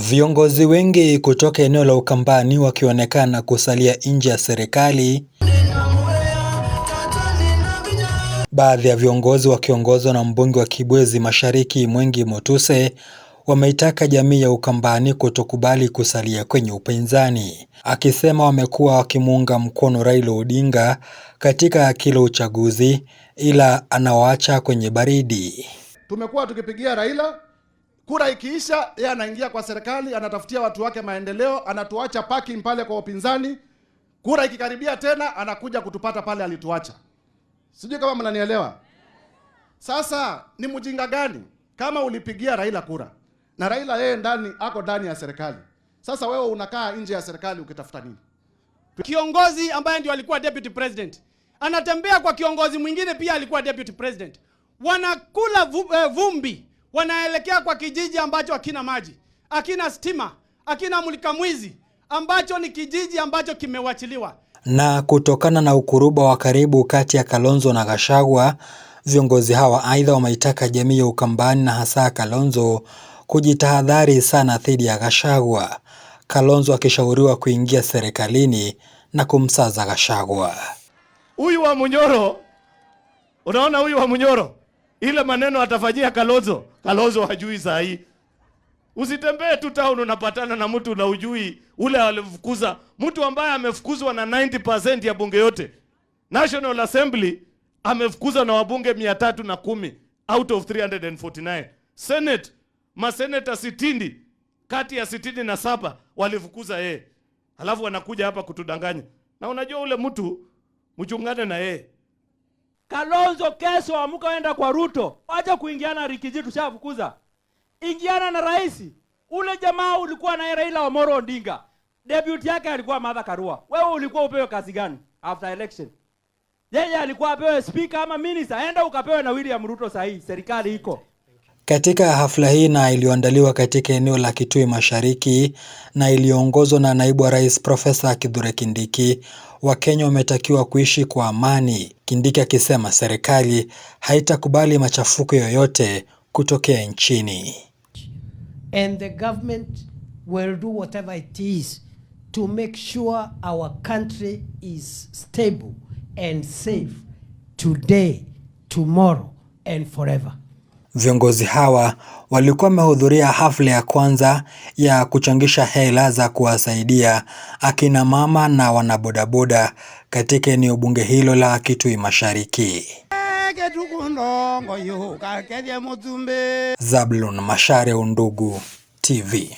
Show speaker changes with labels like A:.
A: Viongozi wengi kutoka eneo la Ukambani wakionekana kusalia nje ya serikali, baadhi ya viongozi wakiongozwa na mbunge wa Kibwezi Mashariki Mwengi Motuse wameitaka jamii ya Ukambani kutokubali kusalia kwenye upinzani, akisema wamekuwa wakimuunga mkono Raila Odinga katika kila uchaguzi, ila anawaacha kwenye baridi.
B: Tumekuwa tukipigia Raila Kura ikiisha, yeye anaingia kwa serikali, anatafutia watu wake maendeleo, anatuacha parking pale kwa upinzani. Kura ikikaribia tena, anakuja kutupata pale alituacha. Sijui kama mnanielewa. Sasa ni mjinga gani kama ulipigia Raila kura na Raila yeye ndani ako ndani ya serikali. Sasa wewe unakaa nje ya serikali ukitafuta nini?
C: Kiongozi ambaye ndio alikuwa deputy president anatembea kwa kiongozi mwingine pia alikuwa deputy president, wanakula eh, vumbi wanaelekea kwa kijiji ambacho hakina maji, hakina stima, hakina mulika mwizi, ambacho ni kijiji ambacho kimewachiliwa.
A: Na kutokana na ukuruba wa karibu kati ya Kalonzo na Gachagua, viongozi hawa aidha wameitaka jamii ya Ukambani na hasa Kalonzo kujitahadhari sana dhidi ya Gachagua, Kalonzo akishauriwa kuingia serikalini na kumsaza Gachagua.
B: Huyu wa Munyoro, unaona huyu wa Munyoro ile maneno atafanyia Kalozo, Kalozo hajui saa hii. Usitembee tu town unapatana na mtu na ujui ule alimfukuza mtu ambaye amefukuzwa na 90% ya bunge yote. National Assembly amefukuzwa na wabunge 310 out of 349. Senate maseneta 60 kati ya sitini na saba walifukuza yeye. Halafu wanakuja hapa kutudanganya. Na unajua ule mtu mchungane na yeye.
C: Kalonzo kesho amka enda kwa Ruto, wacha kuingiana Rikiji, tushafukuza ingiana na rais. Ule jamaa ulikuwa na Raila omoro Odinga, debut yake alikuwa Martha Karua. Wewe ulikuwa upewe kazi gani after election? Yeye alikuwa apewe speaker ama minister, enda ukapewe na William Ruto. Saa serikali iko
A: katika hafla hii na iliyoandaliwa katika eneo la Kitui Mashariki na iliyoongozwa na naibu wa rais Profesa Kithure Kindiki, Wakenya wametakiwa kuishi kwa amani Kindiki akisema serikali haitakubali machafuko yoyote kutokea nchini.
D: And the government will do whatever it is to make sure our country is stable and safe today, tomorrow and forever.
A: Viongozi hawa walikuwa wamehudhuria hafla ya kwanza ya kuchangisha hela za kuwasaidia akina mama na wanabodaboda katika eneo bunge hilo la Kitui Mashariki. Zablon Mashare, Undugu TV.